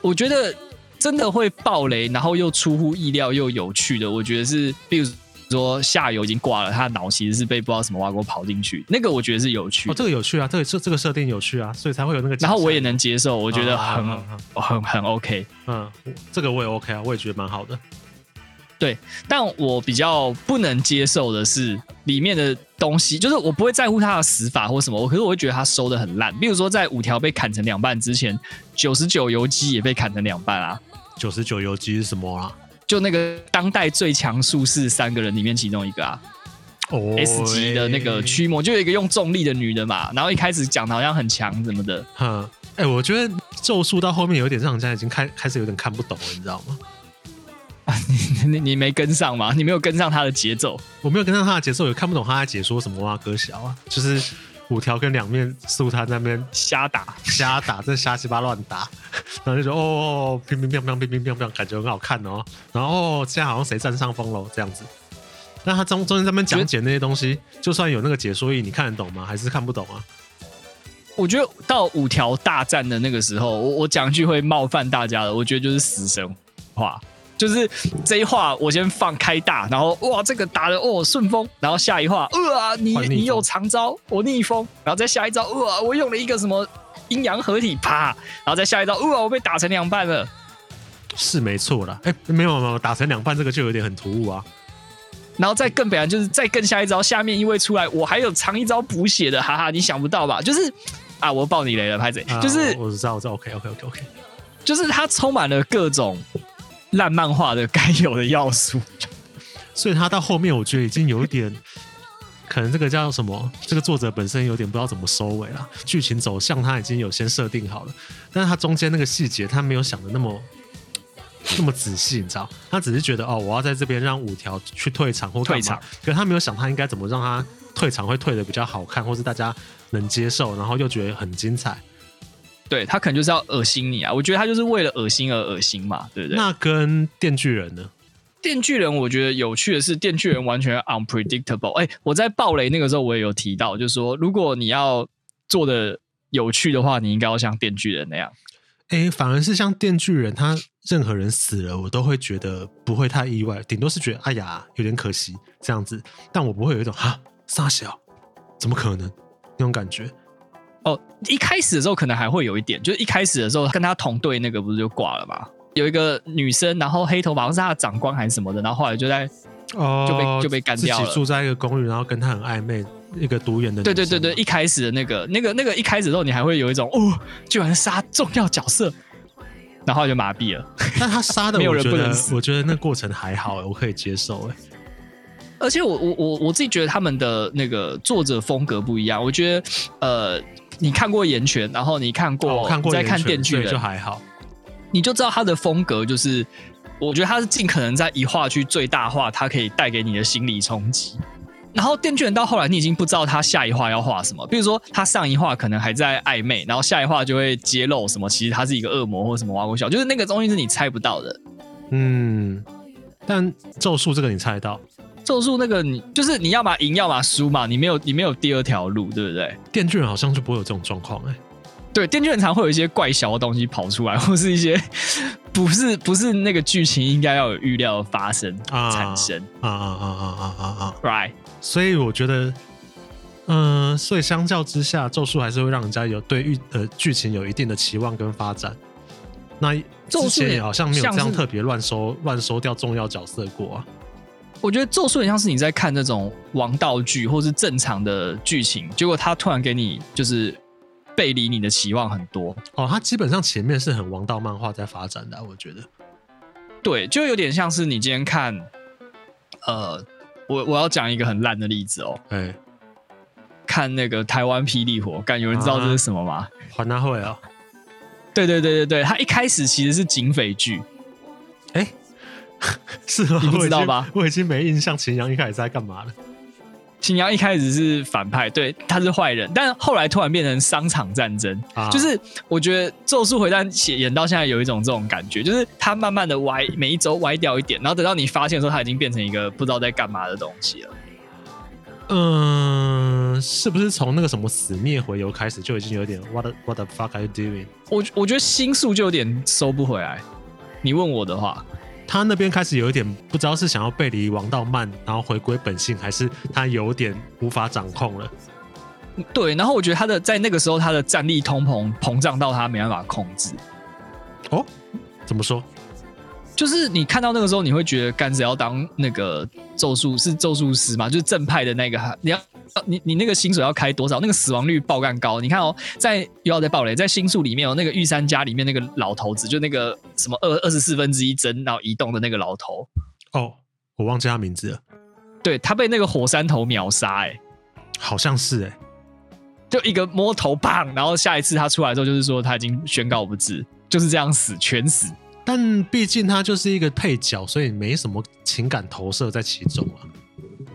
我覺得。真的會爆雷，然後又出乎意料又有趣的，我覺得是，比如說夏油已經掛了，他腦其實是被不知道什麼挖過跑進去，那個我覺得是有趣。哦，這個有趣啊，這個這這個設定有趣啊，所以才會有那個。然後我也能接受，我覺得很很很 OK。嗯，這個我也 OK 啊，我也覺得蠻好的。對，但我比較不能接受的是裡面的東西，就是我不會在乎他的死法或什麼，我可是我會覺得他收得很爛。比如說在五條被砍成兩半之前，九十九由基也被砍成兩半啊。九十九由基是什麼啊？就那個當代最強術士三個人裡面其中一個啊，oh，S 級的那個驅魔，欸、就有一個用重力的女的嘛。然後一開始講的好像很強什麼的，哼，哎、欸，我覺得咒術到後面有點讓人家已經開開始有點看不懂了，你知道嗎？ 啊，你你你沒跟上嗎？你沒有跟上他的節奏？我沒有跟上他的節奏，也看不懂他在解說什麼哇、啊，哥小啊，就是五條跟兩面宿儺他在那邊瞎打瞎打，瞎打 這瞎七八亂打，然後就說哦，乒乒乓乓乒乒乓乓，感覺很好看哦。然後、哦、現在好像誰占上風嘍？這樣子。那他中中間他們講解那些東西，就，就算有那個解說意，你看得懂嗎？還是看不懂啊？我覺得到五條大戰的那個時候，我我講句會冒犯大家的，我覺得就是死神話。就是這一話，我先放開大，然後哇，這個打得哦順風，然後下一話，哇，你你有藏招，我逆風，然後再下一招，哇，我用了一個什麼陰陽合體，啪，然後再下一招，哇，我被打成兩半了，是沒錯啦。哎、欸，沒有沒有，沒有打成兩半這個就有點很突兀啊，然後再更本來就是再更下一招，下面一位出來，我還有藏一招補血的，哈哈，你想不到吧？就是啊，我爆你雷了，歹勢，啊、就是我，我知道，我知道，OK OK OK OK，就是它充滿了各種。爛漫畫的該有的要素， 所以他到後面我覺得已經有一點， 可能這個叫什麼？這個作者本身有點不知道怎麼收尾了。劇情走向他已經有先設定好了，但是他中間那個細節他沒有想得那麼 那麼仔細，你知道？他只是覺得哦，我要在這邊讓五條去退場或幹嘛退場，可是他沒有想他應該怎麼讓他退場會退得比較好看，或是大家能接受，然後又覺得很精彩。對，他可能就是要噁心你啊！我覺得他就是為了噁心而噁心嘛，對不對？那跟電鋸人呢？電鋸人我覺得有趣的是，電鋸人完全 unpredictable。哎，我在暴雷那個時候我也有提到，就是說如果你要做的有趣的話，你應該要像電鋸人那樣。哎，反而是像電鋸人，他任何人死了，我都會覺得不會太意外，頂多是覺得哎、啊、呀有點可惜這樣子，但我不會有一種哈三小怎麼可能那種感覺。哦，oh, 一開始的時候可能還會有一點，就是一開始的時候跟他同隊那個不是就掛了嘛，有一個女生，然後黑頭髮好像是他的長官還是什麼的，然後後來就在哦，oh，就被就被幹掉了。自己住在一個公寓，然後跟他很曖昧，一個獨眼的。對對對對，一開始的那個那個那個一開始的時候，你還會有一種哦，居然殺重要角色，然後後就麻痹了。 但他殺的 沒有人不能死，我覺得那過程還好，我可以接受誒。而且我我我我自己覺得他們的那個作者風格不一樣，我覺得呃。你看過《炎拳》，然後你看過，再看《電鋸人》哦、就還好，你就知道他的風格就是，我覺得他是盡可能在一畫去最大化他可以帶給你的心理衝擊。然後《電鋸人》到後來，你已經不知道他下一畫要畫什麼，比如說他上一畫可能還在曖昧，然後下一畫就會揭露什麼，其實他是一個惡魔或者什麼挖空小，就是那個東西是你猜不到的。嗯，但咒術這個你猜得到。咒術那個你，你就是你要嘛贏，要嘛輸嘛，你沒有你沒有第二條路，對不對？電鋸人好像就不會有這種狀況哎、欸。對，電鋸人常會有一些怪小的東西跑出來，或是一些不是不是那個劇情應該要有預料發生、啊、產生啊啊啊啊啊啊！Right，所以我覺得，嗯、呃，所以相較之下，咒術還是會讓人家有對於呃劇情有一定的期望跟發展。那之前也好像沒有這樣特別亂收是亂收掉重要角色過啊。我覺得咒術很像是你在看那種王道劇，或是正常的劇情，結果他突然給你就是背離你的期望很多哦。他基本上前面是很王道漫畫在發展的，啊，我覺得。對，就有點像是你今天看，呃，我我要講一個很爛的例子哦。哎、欸，看那個台灣霹靂火，敢有人知道這是什麼嗎？歡樂會啊？對、哦、對對對對，他一開始其實是警匪劇，哎、欸。 是嗎，你不知道吧？我我已經沒印象秦陽一開始在幹嘛了。秦陽一開始是反派，對，他是壞人，但後來突然變成商場戰爭、啊、就是我覺得《咒術回戰》寫演到現在有一種這種感覺，就是他慢慢的歪，每一周歪掉一點， 然後等到你發現說他已經變成一個不知道在幹嘛的東西了。嗯，是不是從那個什麼死滅回游開始就已經有點 What the, what the fuck are you doing？我我覺得心術就有點收不回來。你問我的話。他那邊開始有一點不知道是想要背離王道漫，然後回歸本性，還是他有點無法掌控了。對，然後我覺得他的在那個時候他的戰力通膨膨脹到他沒辦法控制。哦，怎麼說？就是你看到那個時候，你會覺得甘子要當那個咒術是咒術師嘛，就是正派的那個你要。啊、你你那個薪水要開多少？那個死亡率爆幹高。你看哦、喔，在又要再暴雷，在新宿裡面哦、喔，那個御三家裡面那個老頭子，就那個什麼二二十四分之一幀然後移動的那個老頭。哦，我忘記他名字了。對，他被那個火山頭秒殺、欸，哎，好像是哎、欸，就一個摸頭棒，然後下一次他出來之後，就是說他已經宣告不治，就是這樣死全死。但畢竟他就是一個配角，所以沒什麼情感投射在其中啊。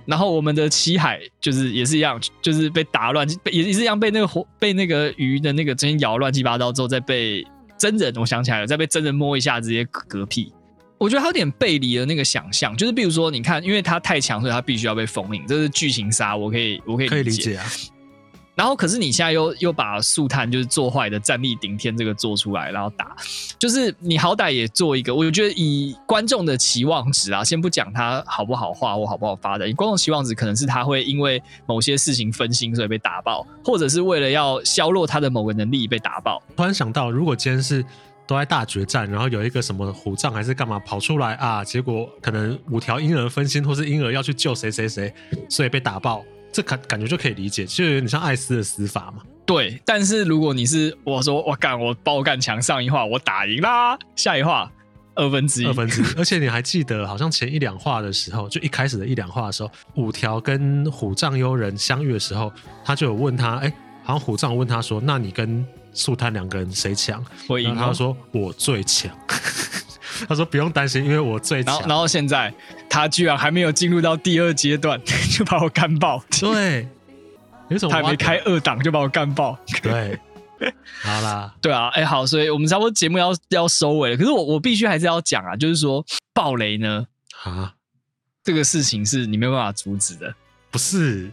然後我們的七海就是也是一樣，就是被打亂，也也是一樣被那個火被那個魚的那個直接咬亂七八糟之後，再被真人，我想起來了，再被真人摸一下直接嗝屁，我覺得他有點背離了那個想象就是比如說你看，因為他太強，所以他必須要被封印，這是劇情殺，我可以我可以可以理解啊。然後，可是你現在又又把素探就是做壞的戰力頂天這個做出來，然後打，就是你好歹也做一個。我覺得以觀眾的期望值啊，先不講他好不好畫或好不好發展，觀眾期望值可能是他會因為某些事情分心，所以被打爆，或者是為了要削弱他的某個能力被打爆。突然想到，如果今天是都在大決戰，然後有一個什麼虎杖還是幹嘛跑出來啊？結果可能五條嬰兒分心，或是嬰兒要去救誰誰誰誰，所以被打爆。這感感覺就可以理解，就有點像艾斯的死法嘛。對，但是如果你是我說幹我幹我爆幹強上一話，我打贏啦，下一話二分之一。二分之一，而且你還記得，好像前一兩話的時候，就一開始的一兩話的時候，五條跟虎杖悠仁相遇的時候，他就有問他，哎、欸，好像虎杖問他說，那你跟宿儺兩個人誰強？我贏，然後他說我最強。 他說：“不用擔心，因為我最強。”然後現在他居然還沒有進入到第二階段，就把我幹爆。對，有種他還沒開二檔就把我幹爆。對，好啦， 對啊，哎、欸，好，所以我們差不多節目要要收尾了。可是我我必須還是要講啊，就是說爆雷呢，啊蛤，這個事情是你沒有辦法阻止的，不是。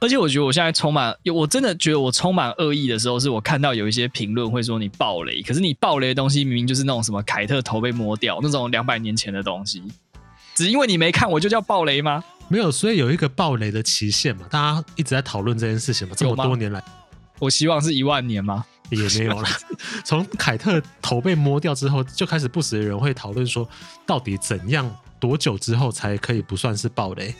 而且我覺得我現在充滿，我真的覺得我充滿惡意的時候，是我看到有一些評論會說你爆雷，可是你爆雷的東西明明就是那種什麼凱特頭被摸掉那種兩百年前的東西，只因為你沒看，我就叫爆雷嗎？沒有，所以有一個爆雷的期限嘛，大家一直在討論這件事情嘛，這麼多年來，我希望是一萬年嗎？也沒有了， 從凱特頭被摸掉之後，就開始不時的人會討論說，到底怎樣多久之後才可以不算是爆雷？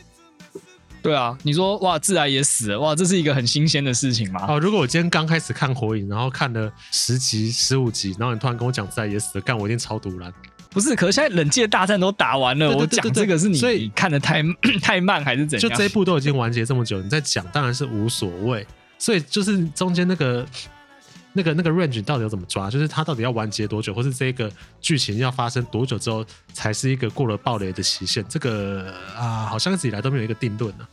對啊，你說哇，自來也死了哇，這是一個很新鮮的事情嗎啊、哦，如果我今天剛開始看火影，然後看了十集、十五集，然後你突然跟我講自來也死了，幹我一定超讀了。不是，可是現在忍界大戰都打完了，我講這個是你看的太所以太慢還是怎樣？就這一部都已經完結這麼久了，你在講當然是無所謂。所以就是中間那個。那個那個 range 到底要怎麼抓？就是它到底要完結多久，或是這一個劇情要發生多久之後才是一個過了爆雷的期限？這個啊，好像一直以來都沒有一個定論呢。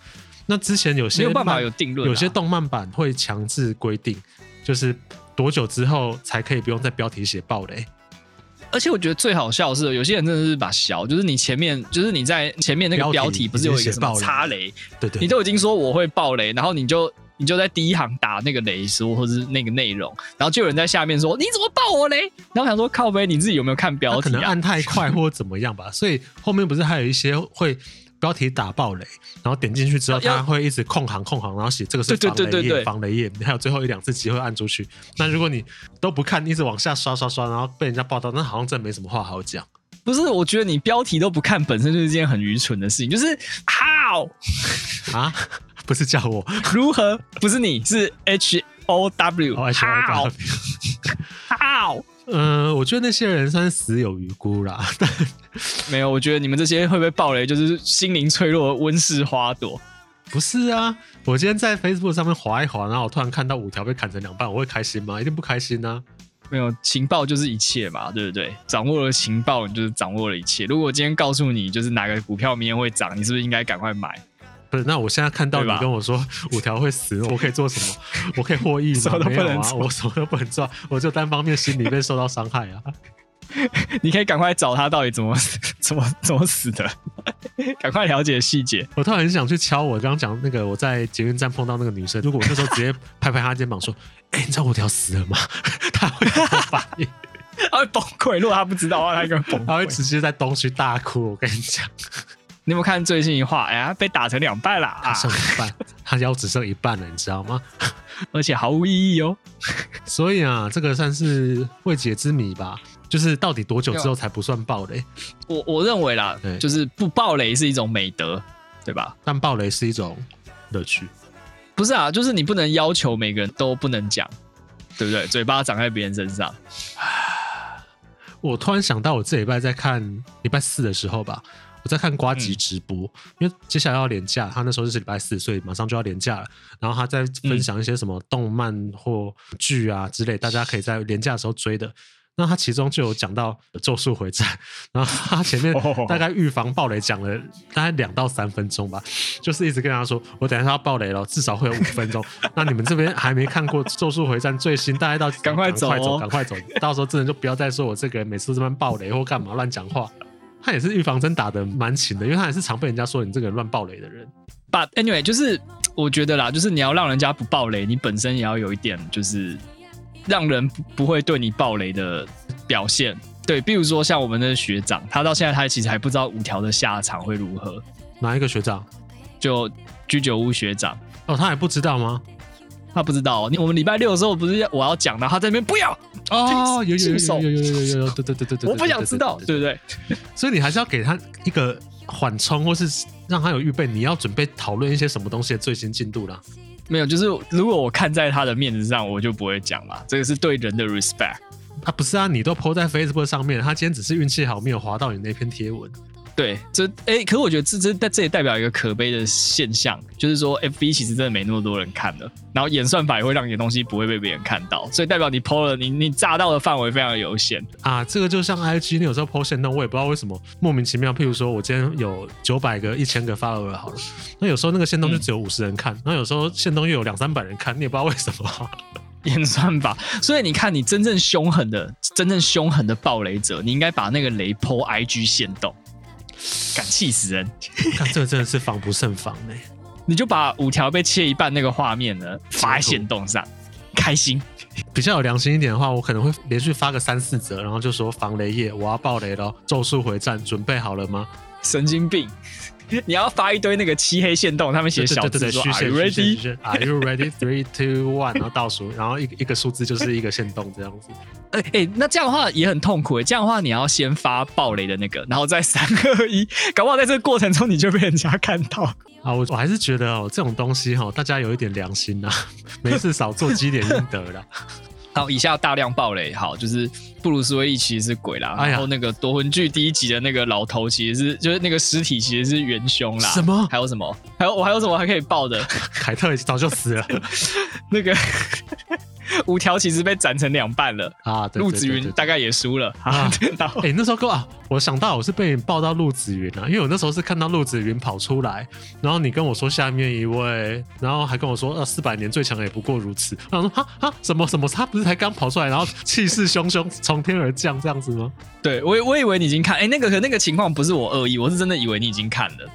那之前有些沒有辦法有定論，有些動漫版會強制規定，就是多久之後才可以不用在標題寫爆雷。而且我覺得最好笑的是，有些人真的是把小，就是你前面就是你在前面那個標題不是有一個擦雷，雷？對對，對，你都已經說我會爆雷，然後你就。你就在第一行打那個雷書或者是那個內容，然後就有人在下面說你怎麼爆我雷？然後想說靠北，你自己有沒有看標題啊？可能按太快或怎麼樣吧。 所以後面不是還有一些會標題打爆雷，然後點進去之後他會一直空行空行，然後寫這個是防雷頁，防雷頁，你還有最後一兩次機會按出去。那如果你都不看，一直往下刷刷刷，然後被人家爆到，那好像真的沒什麼話好講。不是，我覺得你標題都不看本身就是一件很愚蠢的事情，就是 Hao。 啊。不是叫我如何？不是你是 H O W？How？How？嗯，我覺得那些人算是死有餘辜啦。但沒有，我覺得你們這些會不會暴雷？就是心靈脆弱的溫室花朵？不是啊，我今天在 Facebook 上面滑一滑，然後我突然看到五條被砍成兩半，我會開心嗎？一定不開心啊。沒有，情報就是一切嘛，對不對？掌握了情報，你就是掌握了一切。如果我今天告訴你，就是哪個股票明天會漲，你是不是應該趕快買？不是，那我現在看到你跟我說五條會死，吧我可以做什麼？我可以獲益嗎？ 什麼都不能做沒有啊，我什麼都不能做， 我就單方面心裡面受到傷害啊！你可以趕快找他到底怎麼怎麼怎麼死的，趕 快了解細節。我突然很想去敲我剛講那個，我在捷運站碰到那個女生，如果我那時候直接拍拍她肩膀說：“誒、 欸、你知道五條死了嗎？”她會有反應，她會崩潰。如果她不知道啊，她會崩她會直接在東區大哭。我跟你講。你們有沒有看最近一話，哎、欸、呀，被打成兩半啦？啊！剩一半，他腰只剩一半了，你知道嗎？ 而且毫無意義哦。所以啊，這個算是未解之謎吧？就是到底多久之後才不算暴雷？我我認為啦，對就是不暴雷是一種美德，對吧？但暴雷是一種樂趣。不是啊，就是你不能要求每個人都不能講，對不對？ 嘴巴長在別人身上。我突然想到，我這禮拜在看禮拜四的時候吧。在看呱吉直播，嗯、因為接下來要連假，他那時候是禮拜四，所以馬上就要連假了。然後他在分享一些什麼動漫或劇啊之類，嗯、大家可以在連假的時候追的。那他其中就有講到《咒術迴戰》，然後他前面大概預防暴雷講了大概兩到三分鐘吧，哦、就是一直跟大家說，我等下要暴雷了，至少會有五分鐘。 那你們這邊還沒看過《咒術迴戰》最新，大概到趕快走、哦、快走，趕快走，到時候真的就不要再說我這個每次這邊暴雷或幹嘛亂講話。他也是預防針打得蠻勤的，因為他也是常被人家說你這個亂爆雷的人。But anyway，就是我覺得啦，就是你要讓人家不爆雷，你本身也要有一點，就是讓人不會對你爆雷的表現。對，比如說像我們的學長，他到現在他其實還不知道五條的下場會如何。哪一個學長？就居酒屋學長。哦，他還不知道嗎？他不知道、喔、你，我們禮拜六的時候不是要我要講的，他在那邊不要哦，新有有有有有有，有，有，有對對對對，對我不想知道，對不對，對？ 所以你還是要給他一個緩衝，或是讓他有預備。你要準備討論一些什麼東西的最新進度啦？沒有，就是如果我看在他的面子上，我就不會講啦。這個是對人的 respect。他不是啊，你都 po 在 Facebook 上面，他今天只是運氣好，沒有滑到你那篇貼文。對，這哎、欸，可是我覺得這這代這也代表一個可悲的現象，就是說 F B 其實真的沒那麼多人看了，然後演算法也會讓你的東西不會被別人看到，所以代表你 Po 了你你炸到的範圍非常有限啊。這個就像 I G 你有時候 Po 限動，我也不知道為什麼莫名其妙。譬如說我今天有九百個、一千個 follower，好了，那有時候那個限動就只有五十人看，那、嗯、有時候限動又有兩三百人看，你也不知道為什麼演算法。所以你看，你真正兇狠的、真正兇狠的暴雷者，你應該把那個雷 Po I G 限動。敢氣死人！這個、真的是防不勝防呢。你就把五條被切一半那個畫面呢發在限動上，前哭 開心。比較有良心一點的話，我可能會連續發個三四折，然後就說防雷液，我要爆雷咯！咒術回戰準備好了嗎？神經病。你要發一堆那個漆黑限動，他們寫小字的 Are you ready? Are you ready? Three, two, one，然後倒數，然後一個一個數字就是一個限動，這樣子。哎哎、欸欸，那這樣的話也很痛苦哎、欸，這樣的話你要先發暴雷的那個，然後再三二一，搞不好在這個過程中你就被人家看到啊。我我還是覺得哦、喔，這種東西哈、喔，大家有一點良心吶、啊，沒事少做積點陰德了。 好，以下大量暴雷，好，就是。布魯斯威利其實是鬼啦，哎、呀然後那個奪魂鋸第一集的那個老頭其實是就是那個屍體其實是元兇啦。什麼？還有什麼？還有我還有什麼還可以爆的？凱 特也早就死了。 那個五條 其實被斬成兩半了啊。鹿紫雲大概也輸了啊。哎，那時候夠啊，我想到我是被你爆到鹿紫雲啊，因為我那時候是看到鹿紫雲跑出來，然後你跟我說下面一位，然後還跟我說呃四百年最強也不過如此。然後說啊啊什麼什麼？他、啊、不是才剛跑出來，然後氣勢洶洶。 從天而降這樣子嗎？對我，我以為你已經看，哎、欸，那個可那個情況不是我惡意，我是真的以為你已經看了，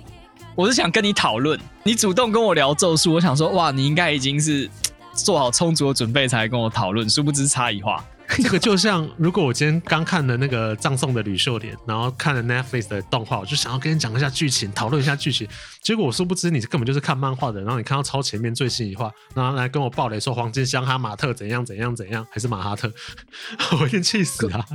我是想跟你討論，你主動跟我聊咒術，我想說，哇，你應該已經是做好充足的準備才跟我討論，殊不知差異化。 這個就像，如果我今天剛看了那個葬送的芙莉蓮，然後看了 Netflix 的動畫，我就想要跟你講一下劇情，討論一下劇情。結果我殊不知你根本就是看漫畫的，然後你看到超前面最新一話，然後來跟我爆雷說黃金鄉哈馬特怎樣怎樣怎樣，還是馬哈特， 我先氣死了、啊。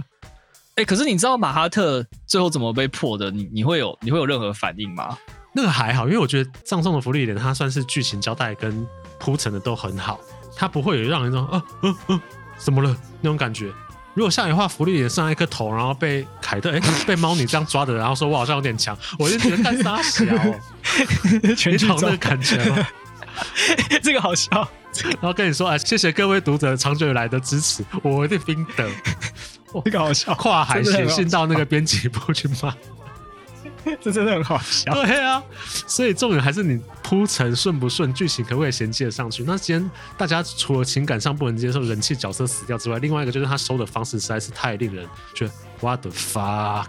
哎、欸，可是你知道馬哈特最後怎麼被破的？你你會有你會有任何反應嗎？那個還好，因為我覺得葬送的芙莉蓮它算是劇情交代跟鋪陳的都很好，它不會有讓人說，嗯嗯嗯。啊啊怎麼了那種感覺？如果下一話，福利也上一顆頭，然後被凱特哎、欸、被貓女這樣抓的，然後說我好像有點強，我就覺得幹三小？全場的感覺， 這個好笑。然後跟你說哎、欸，謝謝各位讀者長久以來的支持，我一定冰得，我好笑，跨海寫信到那個編輯部去罵。 這真的很好笑。對啊， 所以重點還是你鋪陳順不順，劇情可不可以銜接上去？那今天大家除了情感上不能接受人氣角色死掉之外，另外一個就是他收的方式實在是太令人覺得 “What the fuck”。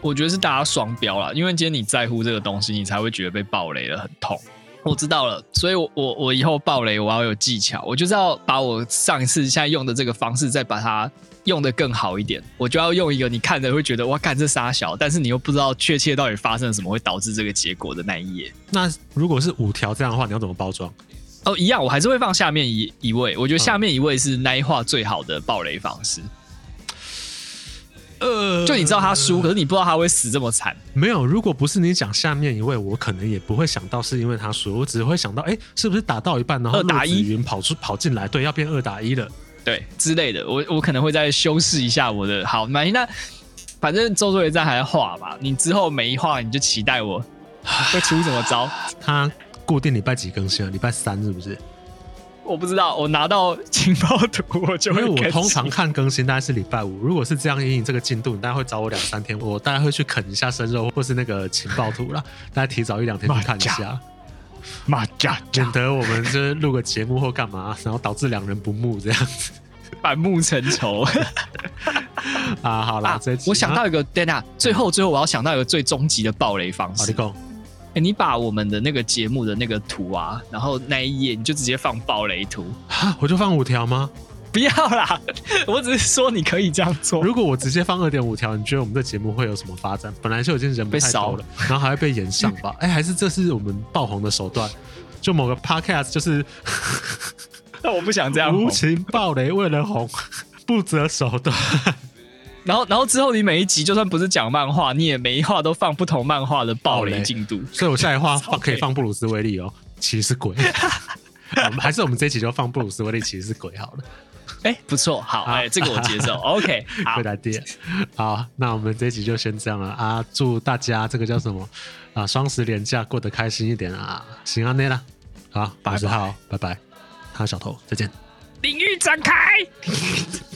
我覺得是大家雙標了，因為今天你在乎這個東西，你才會覺得被暴雷了很痛。我知道了，所以我，我我我以後暴雷我要有技巧，我就是要把我上一次現在用的這個方式再把它。用的更好一點，我就要用一個你看着會覺得哇，幹，這殺小，但是你又不知道確切到底發生了什麼，會導致這個結果的那一頁。那如果是五條這樣的話，你要怎麼包裝？哦，一樣，我還是會放下面一一位。我覺得下面一位是那一話最好的暴雷方式。嗯、呃，就你知道他輸，呃、可是你不知道他會死這麼慘。沒有，如果不是你講下面一位，我可能也不會想到是因為他輸，我只會想到，哎、欸，是不是打到一半然後二打一，雲跑出跑進來，對，要變二打一了。對之類的，我我可能會再修飾一下我的好。那反正咒術迴戰也在還畫吧。你之後每一話，你就期待我會出什麼招。 他固定禮拜幾更新啊？禮拜三是不是？我不知道，我拿到情報圖我就會。因為我通常看更新大概是禮拜五。如果是這樣，因應這個進度，你大概會找我兩三天，我大概會去啃一下生肉，或是那個情報圖了。 大家提早一兩天去看一下。媽呀！免得我們這錄個節目或幹嘛，然後導致兩人不睦這樣子，反目成仇 啊！好啦，啊、我想到一個等一下，最後最後我要想到一個最終極的暴雷方式。好的，你講。哎，你把我們的那個節目的那個圖啊，然後那一頁你就直接放暴雷圖。哈， 我就放五條嗎？不要啦，我只是說你可以這樣做。如果我直接放二點五條，你覺得我們的節目會有什麼發展？本來就已經人被燒了，掃然後還要被炎上吧？哎、欸，還是這是我們爆紅的手段？就某個 podcast 就是，那我不想這樣，無情暴雷為了紅，不擇手段。然後，然後之後你每一集就算不是講漫畫，你也每一話都放不同漫畫的暴雷進度雷。所以我下一話放累可以放布魯斯威利哦、喔，其實是鬼 喔。還是我們這一集就放布魯斯威利其實是鬼好了。哎、欸，不錯，好，哎好，欸、這個我接受，OK，好，那我們這一集就先這樣了啊，祝大家這個叫什麼啊，雙十連假過得開心一點啊，行啊，那啦，好，八十號，拜拜，他、啊、小頭，再見，領域展開。